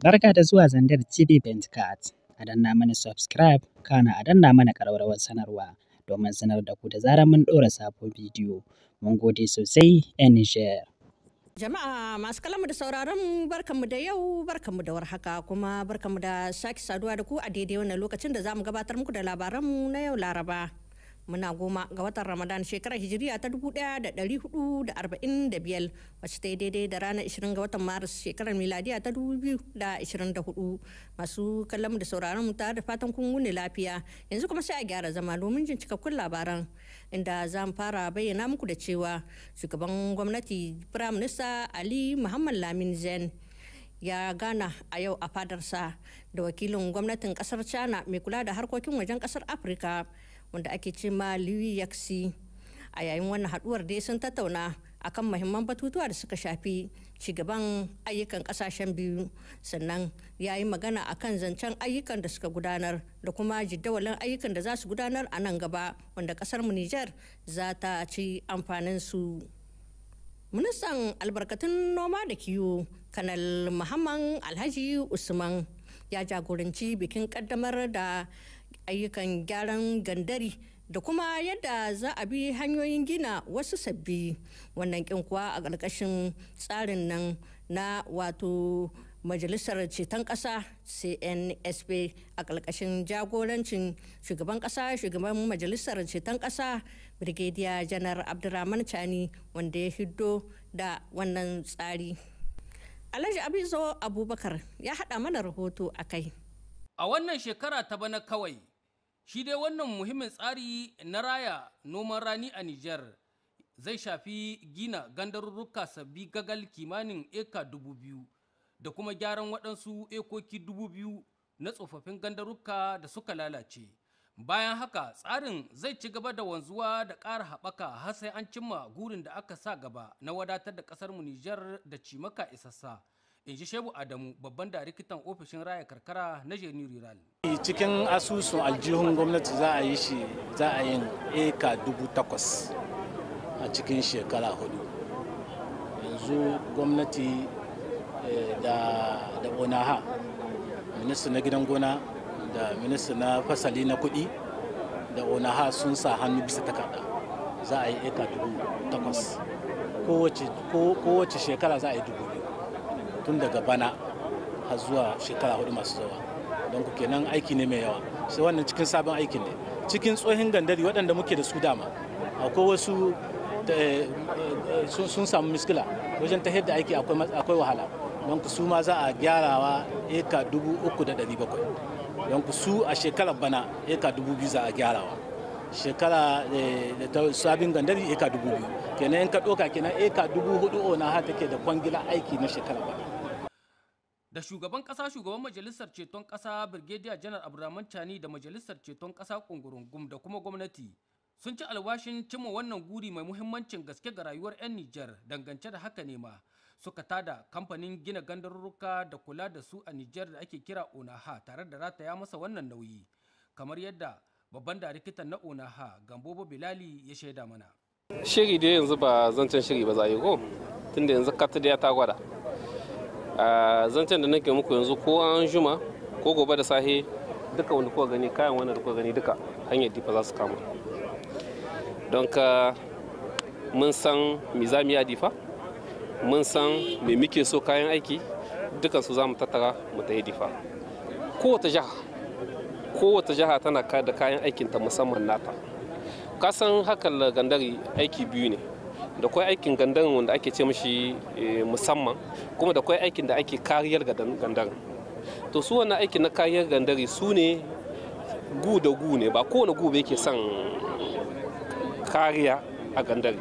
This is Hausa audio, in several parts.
Barka da zuwa zandar TV Bentcat. A danna mana subscribe, kana a danna mana ƙararrawar sanarwa domin sanar da ku da zarar mun ɗora sabon bidiyo. Mun gode sosai, ‘yan share. Jama'a masu kalamu da sauraron barkanmu da yau barkanmu da warhaka kuma barkanmu da sake saduwa da ku a daidai wannan lokacin da za mu gabatar muku da labaranmu na yau Laraba. muna goma ga watan ramadan shekarar hijiriya ta 1445 wacce ta yi daidai da ranar 20 ga watan maris shekarar miladiya ta 2024 masu kallon da sauraron mu tare da fatan kun wuni lafiya yanzu kuma sai a gyara zama domin jin cikakkun labaran inda za mu fara bayyana muku da cewa shugaban gwamnati prime minister ali muhammad lamin zen ya gana a yau a fadarsa da wakilin gwamnatin kasar china mai kula da harkokin wajen kasar afirka wanda ake ce ma yaksi a yayin wannan haduwar dai sun tattauna a kan mahimman batutuwa da suka shafi shugaban ayyukan kasashen biyu sannan ya yi magana akan zancen ayyukan da suka gudanar da kuma jidawalin ayyukan da za su gudanar a nan gaba wanda kasar mu Nijar za ta ci amfanin su ministan albarkatun noma da kiwo kanal muhammad alhaji usman ya jagoranci bikin kaddamar da ayyukan gyaran gandari da kuma yadda za a bi hanyoyin gina wasu sabbi wannan kin kuwa a ƙarƙashin tsarin nan na wato majalisar ceton ƙasa cnsp a ƙarƙashin jagorancin shugaban ƙasa shugaban majalisar ceton ƙasa brigadier janar abdurrahman chani wanda ya hiddo da wannan tsari alhaji abizo abubakar ya haɗa mana rahoto a kai a wannan shekara ta bana kawai shi dai wannan muhimmin tsari na raya noman rani a niger zai shafi gina gandarurruka sabbi gagal kimanin eka dubu biyu da kuma gyaran waɗansu ekoki dubu biyu na tsofaffin gandarurruka da suka lalace bayan haka tsarin zai ci gaba da wanzuwa da ƙara haɓaka har sai an cimma gurin da aka sa gaba na wadatar da ƙasar mu nijar da cimaka isassa in ji shebu adamu babban darikitan ofishin raya karkara na jeni rural cikin asusun aljihun gwamnati za a yi shi za a yin eka dubu takwas a cikin shekara hudu yanzu gwamnati eh, da onaha minista na gidan gona da minista na fasali na kudi da onaha sun sa hannu bisa takarda za a yi eka dubu takwas kowace shekara za a yi dubu biyu tun daga bana har zuwa shekara hudu masu zuwa don ku kenan aiki ne mai yawa sai wannan cikin sabon aikin ne cikin tsohin gandari waɗanda muke da su dama akwai wasu eh, sun samu miskila wajen ta da aiki akwai wahala don ku su ma za a gyarawa eka dubu uku da ɗari bakwai don ku su a shekarar bana eka dubu biyu za a gyarawa shekara da eh, sabin gandari eka dubu biyu kenan in ka ɗoka kenan eka dubu hudu na ha take da kwangila aiki na shekarar bana da shugaban kasa shugaban majalisar ceton kasa birgediya janar abdulrahman chani da majalisar ceton kasa kungurungum da kuma gwamnati sun ci alwashin cimma wannan guri mai muhimmancin gaske ga rayuwar 'yan nijar dangance da haka ne ma suka tada kamfanin gina gandarruka da kula da su a nijar da ake kira onaha tare da rataya masa wannan nauyi kamar yadda babban darikitan na onaha gambobo bilali ya shaida mana shiri da yanzu ba zancen shiri ba za a yi ko tunda yanzu kata ya ta gwada a zancen da nake muku yanzu ko an juma ko gobe da sahe duka wanda kuka gani kayan wanda kuka gani duka hanyar difa za su kama don ka mun san me za mu yi a difa mun san me muke so kayan aiki dukan su za mu tattara mu ta yi difa kowace jiha kowace jiha tana da kayan aikinta musamman nata kasan hakan gandari aiki biyu ne da kwai aikin gandan wanda ake ce mashi eh, musamman kuma da kwai aikin da ake kariyar gandar to su wannan aikin na kariyar gandari su ne gu da gu ne ba kowane gu yake son kariya a gandari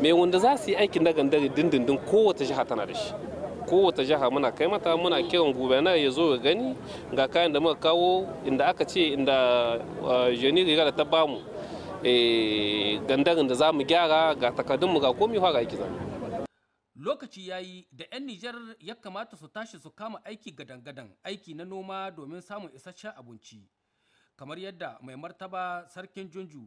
mai wanda za su yi aikin na gandari dindindin kowace jiha tana da shi kowace jiha muna kai mata muna kiran gubernar ya zo ya gani ga kayan da muka kawo inda aka ce inda eh, jeniri da ta bamu Eh, gandarin da za mu gyara ga takardunmu ga komi fara aiki zami lokaci ya yi da 'yan nijar ya kamata su tashi su kama aiki gadan-gadan aiki na noma domin samun isasshen abinci kamar yadda mai martaba sarkin junju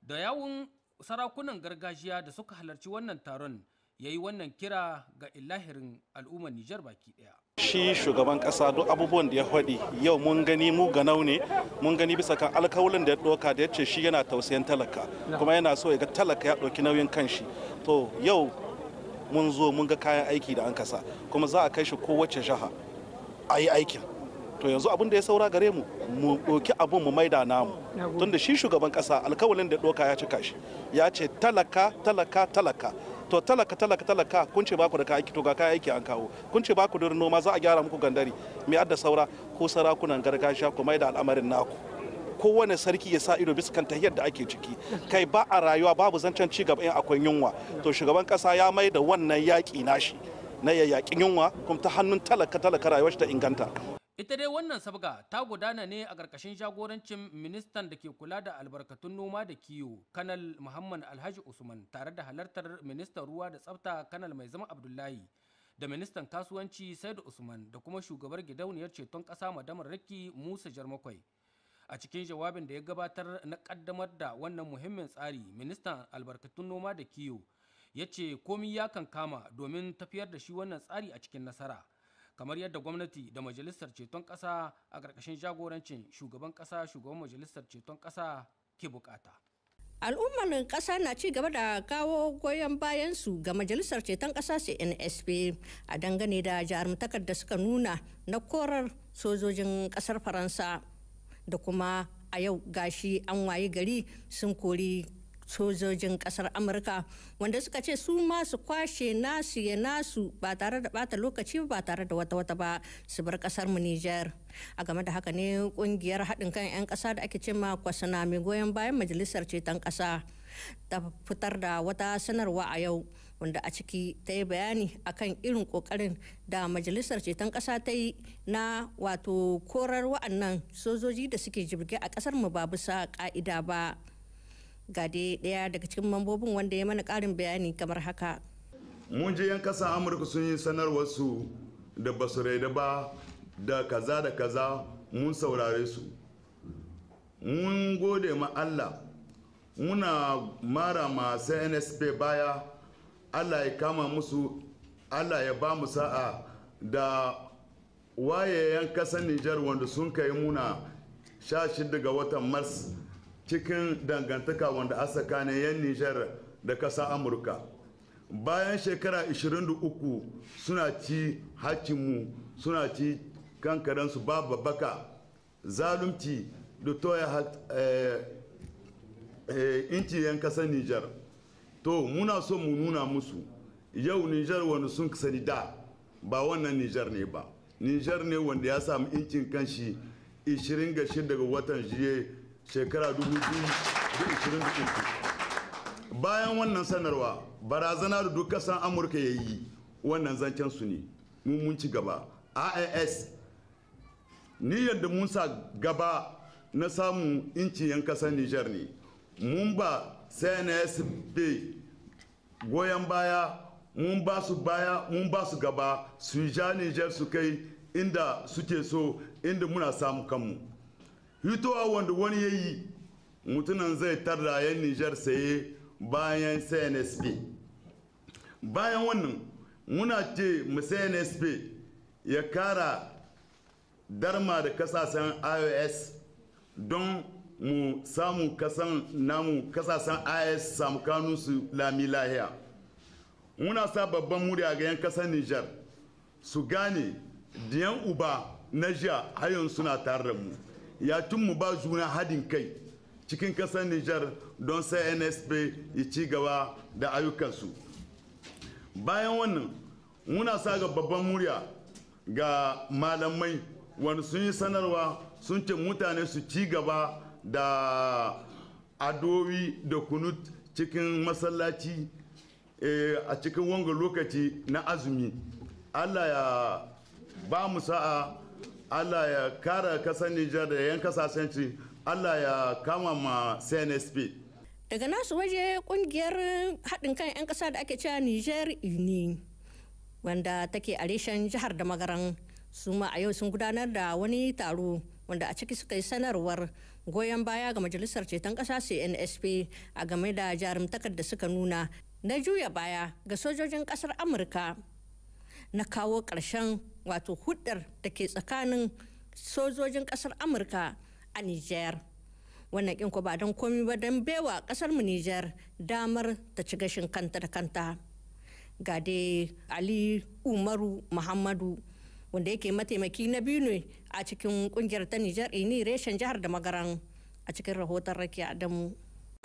da yawun sarakunan gargajiya da suka halarci wannan taron ya yi wannan kira ga ilahirin al'ummar nijar baki daya shi shugaban kasa duk abubuwan da ya faɗi yau mun gani mu ga ne mun gani bisa kan alkawalin da ya ɗauka da ya ce shi yana tausayin talaka kuma yana so ya ga talaka ya ɗauki nauyin kanshi to yau mun zo mun ga kayan aiki da an kasa kuma za a kai shi kowace jiha a yi aikin to yanzu abin da ya saura gare mu mu ɗauki abin mu maida namu tunda shi shugaban kasa alkawalin da ya ɗauka ya cika shi ya ce talaka talaka talaka to talaka talaka talaka kun ce baku da kayan aiki to ga kayan aiki an kawo kun ce baku da noma za a gyara muku gandari mai adda saura ko sarakunan gargajiya ku mai da al'amarin naku kowane sarki ya sa ido bisa kan tahiyar da ake ciki kai ba a rayuwa babu zancen ci gaba in akwai yunwa to shugaban kasa ya mai da wannan yaƙi nashi na yayyakin yunwa kuma ta hannun talaka talaka rayuwar ta inganta ita dai wannan sabga ta gudana ne a ƙarƙashin jagorancin ministan da ke kula da albarkatun noma da kiwo kanal muhammad alhaji usman tare da halartar ministan ruwa da tsafta kanal mai zama abdullahi da ministan kasuwanci saidu usman da kuma shugabar gidauniyar ceton ƙasa madamar raki musa jarmakwai a cikin jawabin da ya gabatar na ƙaddamar da wannan muhimmin tsari ministan albarkatun noma da kiwo ya ce komi ya kama domin tafiyar da shi wannan tsari a cikin nasara kamar yadda gwamnati da majalisar ceton ƙasa a ƙarƙashin jagorancin shugaban ƙasa shugaban majalisar ceton ƙasa ke bukata. al'ummar ƙasa na ci gaba da kawo goyon bayansu ga majalisar ceton ƙasa cnsp a dangane da jarumtakar da suka nuna na korar sojojin ƙasar faransa da kuma a yau gashi an waye gari sun kori sojojin kasar amurka wanda suka ce su masu kwashe nasu ya nasu ba tare da bata lokaci ba tare da wata wata ba su bar kasar mu niger a game da haka ne kungiyar haɗin kan 'yan ƙasa da ake cema kwasana mai goyon bayan majalisar ceton ƙasa ta fitar da wata sanarwa a yau wanda a ciki ta yi bayani akan irin kokarin da majalisar ceton ƙasa ta yi na wato korar wa'annan sojoji da suke jirge a ƙasar mu ba bisa ka'ida ba ga daya daga cikin mambobin wanda ya mana karin bayani kamar haka mun je 'yan kasan amurka sun yi sanarwar su da basu raida ba da kaza da kaza mun saurare su mun gode ma allah muna mara masu nsp baya allah ya kama musu allah ya ba mu sa'a da waye 'yan kasan nijar wanda sun kai muna 16 ga watan mars cikin dangantaka wanda a tsakanin 'yan nijar da ƙasa amurka bayan shekara 23 suna ci hakimu suna ci kankaransu babu baka zalunci da toya eh, eh, inci 'yan ƙasar nijar to muna so mu nuna musu yau nijar wani sun sani da ba wannan nijar ne ba nijar ne wanda ya samu incin kanshi 26 daga watan jiye shekara 2023 bayan wannan sanarwa barazana da duk kasan amurka ya yi wannan zancen su ne mun ci gaba ias niyyar da mun sa gaba na samun inci yan kasar niger ne mun ba da goyon baya mun ba su baya mun ba su gaba su ja niger su kai inda suke so inda muna samu kanmu hitowa wanda wani ya yi mutunan zai tarda yan nijar saye bayan cnsp bayan wannan muna ce mu cnsp ya kara darma da kasashen ios don mu samu kasan namu kasashen ios samu kanu su lami lahiya muna sa babban murya ga yan kasar nijar su gane diyan uba na jiya hayan suna tare da mu ya mu ba juna hadin kai cikin kasar Nijar don sai NSP ya ci gaba da ayyukansu. Bayan wannan muna sa ga babban murya ga malamai wani sun yi sanarwa sun ce mutane su ci gaba da adowi da kunut cikin masallaci eh, a cikin wanga lokaci na azumi. Allah ya ba mu sa'a Allah ya kara kasar Nijar da yan kasashenci Allah ya kama ma CNSP. Daga nasu waje kungiyar haɗin kan 'yan ƙasa da ake cewa Nijar ne wanda take a reshen jihar da magaran su ma a yau sun gudanar da wani taro wanda a ciki suka yi sanarwar goyon baya ga majalisar ceton ƙasa CNSP a game da jarumtakar da suka nuna na juya baya ga sojojin ƙasar Amurka na kawo ƙarshen wato hudar da ke tsakanin sojojin kasar amurka a niger wannan kin ba don komi ba don baiwa kasar mu niger damar ta ci gashin kanta da kanta ga dai ali umaru muhammadu wanda yake mataimaki na biyu ne a cikin kungiyar ta niger ini reshen jihar da magaran a cikin rahoton rakiya adamu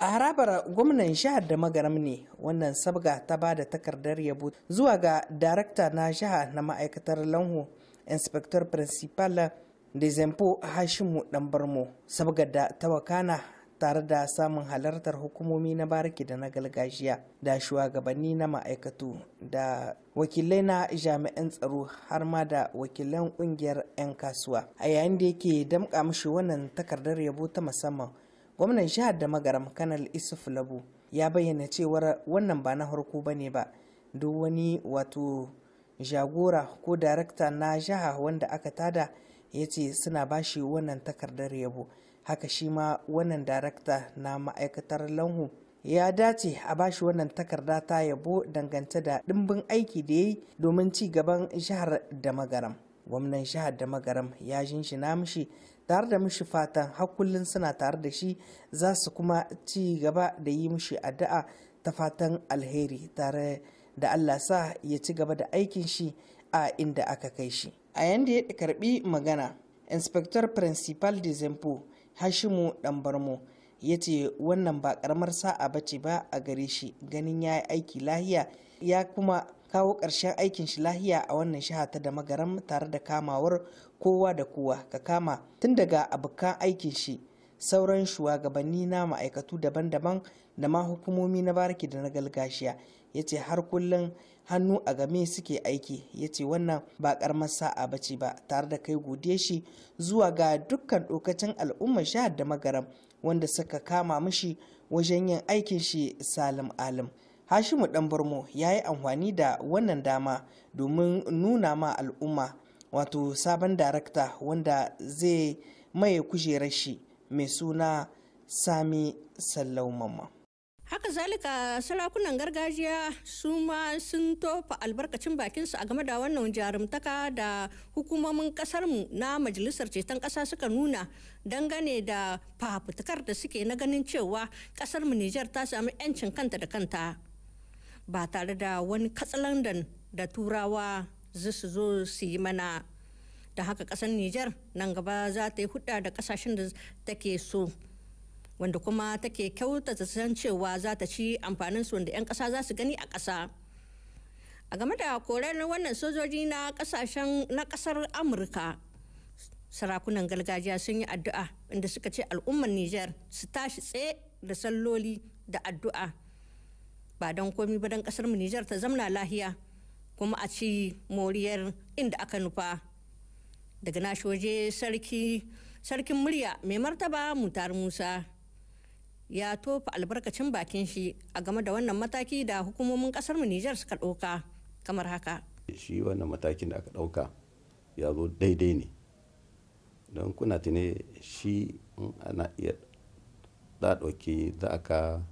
a harabar gwamnan jihar da magaram ne wannan sabga ta ba da takardar yabo zuwa ga darakta na jiha na ma'aikatar lanho inspector principal da zempo hashimu danbarmo sabga da tawakana tare da samun halartar hukumomi na bariki da na galgajiya. da shugabanni na ma'aikatu da wakilai na jami'an tsaro har ma da wakilan kungiyar 'yan kasuwa a yayin da yake damƙa mashi wannan takardar yabo ta musamman gwamnan jihar da magaram kanal isuf labu ya bayyana cewar wannan ba na harko ba ne ba duk wani wato jagora ko darakta na jiha wanda aka tada ya ce suna bashi wannan takardar yabo haka shi ma wannan darakta na ma'aikatar lanhu ya dace a bashi wannan takarda ta yabo dangance da ɗimbin aiki da ya yi domin ci gaban jihar da magaram gwamnan jihar da magaram ya jinshi mishi tare da mishi fatan har kullum suna tare da shi za su kuma ci gaba da yi mishi addu'a ta fatan alheri tare da Allah sa ya ci gaba da aikin shi a inda aka kai shi a yanda ya karbi magana inspector principal de zempo hashimu danbarmo ya ce wannan ba karamar sa'a ba ce ba a gare shi ganin ya yi aiki lahiya ya kuma kawo ƙarshen aikin shi lahiya a wannan shaha ta da magaram tare da kamawar kowa da kowa ka kama tun daga abokan aikin shi sauran shugabanni na ma'aikatu daban-daban da ma hukumomi na bariki da na galgashiya ya ce har kullum hannu a game suke aiki ya ce wannan ba karamar sa'a ba ce ba tare da kai gode shi zuwa ga dukkan dokacin al'umma shahar da magaram wanda suka kama mishi wajen yin aikin shi salim alim hashimu dan ya yi amfani da wannan dama domin nuna ma al'umma wato sabon darakta wanda zai maye kujerar shi mai suna sami sallaumama haka zalika sarakunan gargajiya su ma sun tofa albarkacin bakinsu a game da wannan jarumtaka da hukumomin kasarmu na majalisar ceton kasa suka nuna dangane da fafutukar da suke na ganin cewa kasarmu nijar ta sami 'yancin kanta da kanta ba tare da wani katsalandan da turawa za su zo su yi mana da haka kasar nijar nan gaba za ta yi hudda da kasashen da take so wanda kuma take kyautata san cewa za ta ci amfanin su wanda 'yan kasa za su gani a kasa a game da korar wannan sojoji na kasashen na kasar amurka sarakunan gargajiya sun yi addu'a inda suka ce al'ummar niger su tashi tsaye da salloli da addu'a ba don komi ba don kasar mu niger ta zamna lahiya kuma a ci moriyar inda aka nufa daga nashi sarki sarkin murya mai martaba mutar musa ya tofa albarkacin bakin shi a game da wannan mataki da hukumomin kasar mu nijar suka ɗauka kamar haka shi wannan matakin da aka ɗauka ya zo daidai ne don kuna tune shi ana iya ɗaɗauki za ka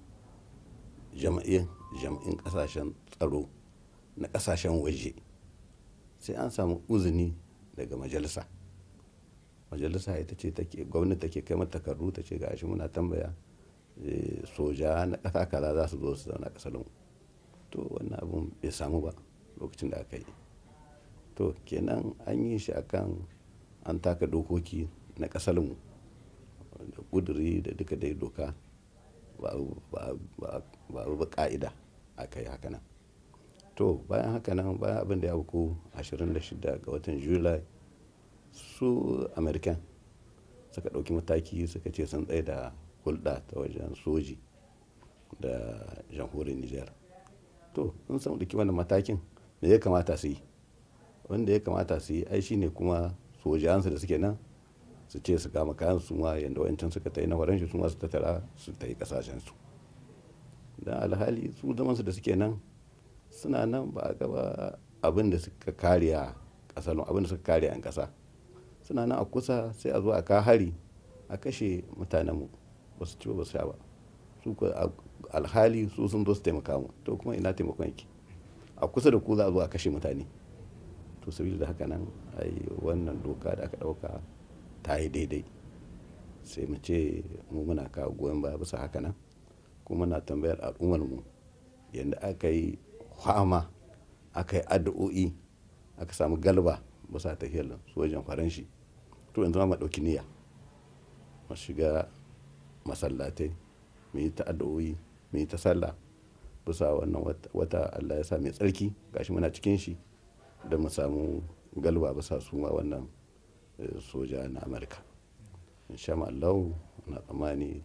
jam'in ƙasashen tsaro na kasashen waje sai an samu uzini daga majalisa majalisa ita ce gwamnati take kai mata takardu ta ce ga shi muna tambaya eh, soja na ƙasa kaza za su zo su zauna ƙasar mu to wannan abun bai samu ba lokacin da aka yi to kenan an yi shi akan an taka dokoki na ƙasar mu da kuduri da duka dai doka ba a ba ka'ida aka yi haka nan to bayan haka nan bayan abin da ya buku 26 ga watan july su american suka ɗauki mataki suka ce sun tsaye da hulɗa ta wajen soji da jamhurin niger to sun samu ɗauki wannan matakin da ya kamata su yi wanda ya kamata su yi ai ne kuma sojiyansu da suke nan su ce su kama kayan su ma yadda wancan suka ta yi na su ma su tattara su ta yi kasashensu don alhali su zamansu da suke nan suna nan ba a gaba abin da suka kariya kasar abin da suka kariya an kasa suna nan a kusa sai a zo a ka hari a kashe mutanenmu ba su ci ba su sha ba su ku alhali su sun zo su taimaka mu to kuma ina taimakon yake a kusa da ku za a zo a kashe mutane to sabili da haka nan ai wannan doka da aka dauka ta yi daidai sai mu ce mu muna kawo goyon baya bisa haka nan kuma na tambayar al'ummarmu yadda aka yi kwama aka yi addu'o'i aka samu galba sa ta hiyar su wajen faranshi to yanzu ma ɗauki niyya ma shiga masallatai mai yi ta addu'o'i mai yi ta sallah bisa wannan wata Allah ya sa mai tsarki gashi muna cikin shi da mu samu galba bisa su ma wannan eh, soja na amurka sha ma'allahu na tsammani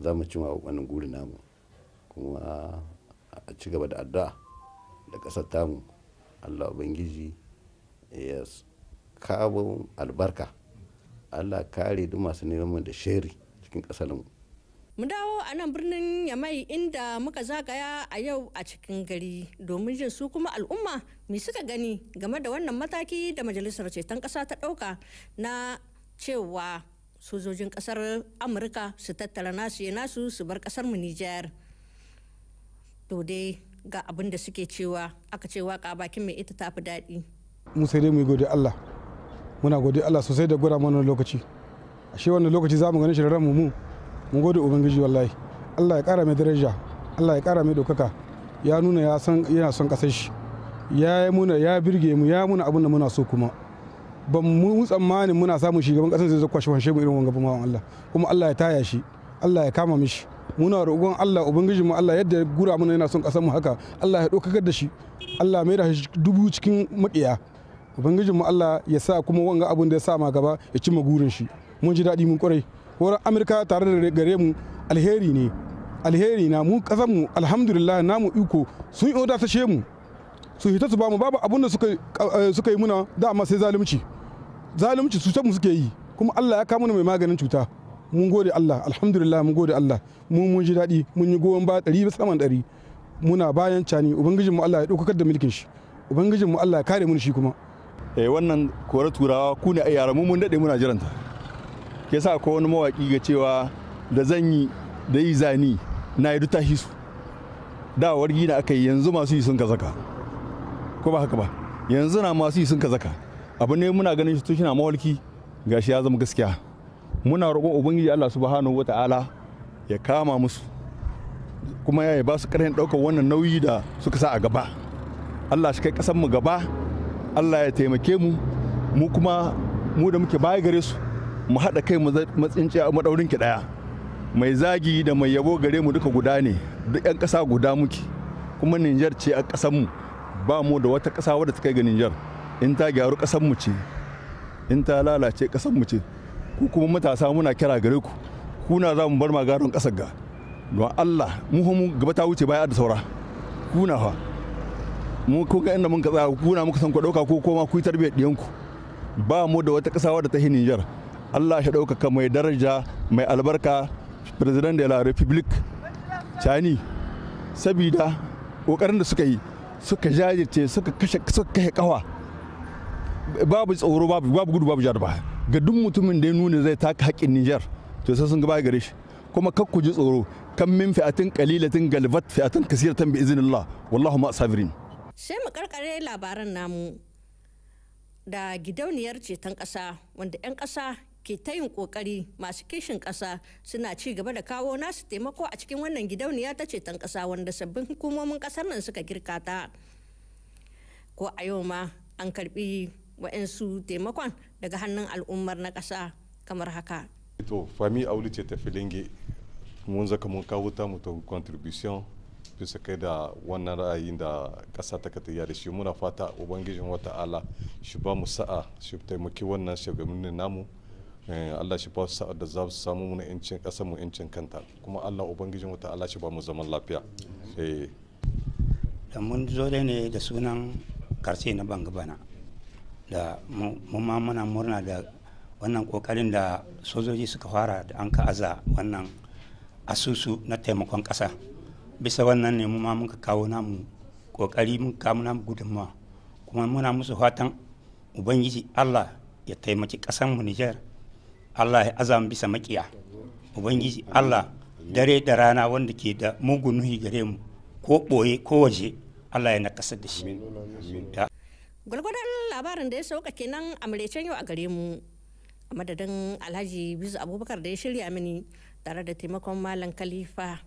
za mu cima wannan guri namu kuma a ci gaba da addu'a da ƙasar tamu allah ubangiji ya kawo albarka allah kare duk masu neman da sheri cikin ƙasarmu mu dawo a nan birnin yamai inda muka zagaya a yau a cikin gari domin jin su kuma al'umma mai suka gani game da wannan mataki da majalisar ceton ƙasa ta ɗauka na cewa sojojin ƙasar amurka su tattara nasu ya nasu su bar ƙasar mu nijar to ga abin da suke cewa aka ce waka bakin mai ita tafi daɗi mu sai dai mu gode Allah muna gode Allah sosai da gura mana lokaci ashe wannan lokaci za mu gani shirarren mu mu mun gode ubangiji wallahi Allah ya kara mai daraja Allah ya kara mai dokaka ya nuna ya san yana son kasar shi ya yi muna ya birge mu ya muna abin da muna so kuma ba mu tsammanin muna samun shugaban kasar zai zo kwashe mu irin wanga ba Allah kuma Allah ya taya shi Allah ya kama mishi muna roƙon Allah ubangijinmu Allah yadda gura mana yana son ƙasar mu haka Allah ya ɗaukakar da shi Allah mai da shi dubu cikin maƙiya ubangijinmu Allah ya sa kuma wanga abun da ya sa ma gaba ya cimma gurin shi mun ji daɗi mun kwarai horar Amurka tare da gare mu alheri ne alheri na mu ƙasar mu alhamdulillah namu iko sun yi she mu su hita su ba mu babu abun da suka eh, yi muna dama sai zalunci zalunci cutar mu suke yi kuma Allah ya kawo mana mai maganin cuta mun gode Allah alhamdulillah mun gode Allah mu mun ji daɗi mun yi goyon ba ɗari bisa man ɗari muna bayan cani ubangijin mu Allah ya ɗaukakar da mulkin shi ubangijin mu Allah ya kare mun shi kuma eh wannan kore turawa ku ne a yara mu mun daɗe muna jiranta ke sa ko wani mawaƙi ga cewa da zan yi da yi zani na yi duta hisu da wargi na aka yi yanzu masu yi sun ka zaka ko ba haka ba yanzu na masu yi sun ka zaka abu ne muna ganin shi tun shi na mawalki gashi ya zama gaskiya muna roƙon ubangiji Allah subhanahu wata'ala ya kama musu kuma ya ba su ƙarfin ɗaukar wannan nauyi da suka sa a gaba Allah shi kai ƙasar mu gaba Allah ya taimake mu mu kuma mu da muke baya gare su mu haɗa kai mu matsinci a maɗaurin ki ɗaya mai zagi da mai yabo gare mu duka guda ne duk ƴan ƙasa guda muke kuma Niger ce a ƙasar mu ba mu da wata ƙasa wadda ta kai ga Niger in ta gyaru ƙasar mu ce in ta lalace ƙasar mu ce ku kuma matasa muna kira gare ku kuna za mu bar magaron ƙasar ga don Allah mu mu gaba ta wuce baya da saura kuna fa mu ko ga inda mun ka tsaya kuna muka san ku dauka ko koma ku tarbiyyar diyan ku ba mu da wata ƙasa wadda ta hin Niger Allah shi ɗaukaka mai daraja mai albarka president de la republique chani sabida kokarin da suka yi suka jajirce suka kashe suka kawa babu tsoro babu gudu babu jarba ga duk mutumin da ya nuna zai taka haƙƙin Nijar to sai sun gaba gare shi kuma kak ku ji tsoro kan min fi'atin qalilatin galbat fi'atin kasiratan bi iznillah wallahu ma sabirin sai mu karkare labaran namu da gidauniyar ceton kasa wanda 'yan ƙasa ke ta yin kokari masu kishin kasa suna ci gaba da kawo nasu taimako a cikin wannan gidauniya ta ceton kasa wanda sabbin hukumomin kasar nan suka girka ta ko a yau ma an karbi wa'insu taimakon daga hannun al'ummar na ƙasa kamar haka. to fami auli ce tafi linge mun zaka mun kawo ta mu ta contribution bisa kai da wannan ra'ayin da ƙasa ta katayya da shi muna fata ubangijin wata ala shi ba mu sa'a shi taimaki wannan shugabannin namu eh, Allah shi ba su sa'a da za su samu muna yancin ƙasar mu yancin kanta kuma Allah ubangijin wata ala shi ba mu zaman lafiya eh. Da mun zo ne da sunan karshe na bangabana. bana da mu ma muna murna da wannan kokarin da sojoji suka fara da an ka'aza wannan asusu na taimakon ƙasa bisa wannan ne ma muka kawo namu kokari mun kawo namu gudunmawa kuma muna musu fatan ubangiji allah ya taimaki mu nijar allah ya azam bisa makiya ubangiji allah dare da rana wanda ke da mugun gare mu ko ɓoye ko waje allah ya nakasar da shi Gwalgwadon labarin da ya sauka kenan a maraicen yau a gare mu. A madadin Alhaji Bizu Abubakar da ya shirya mini tare da taimakon Malam Khalifa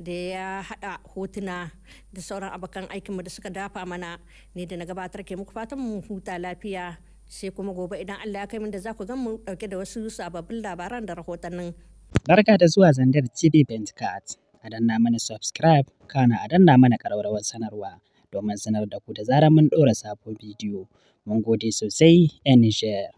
da ya hada hotuna da sauran abokan aikinmu da suka dafa mana ne da na gabatar ke muku fatan mu huta lafiya sai kuma gobe idan Allah ya kai min da za ku gan mu dauke da wasu sababbin labaran da rahotannin. Barka da zuwa zandar TV Bent Cat. A danna mana subscribe kana a danna mana karawar sanarwa. domin sanar da ku da zarar mun ɗora sabon bidiyo. Mun gode sosai, 'yan Nijar.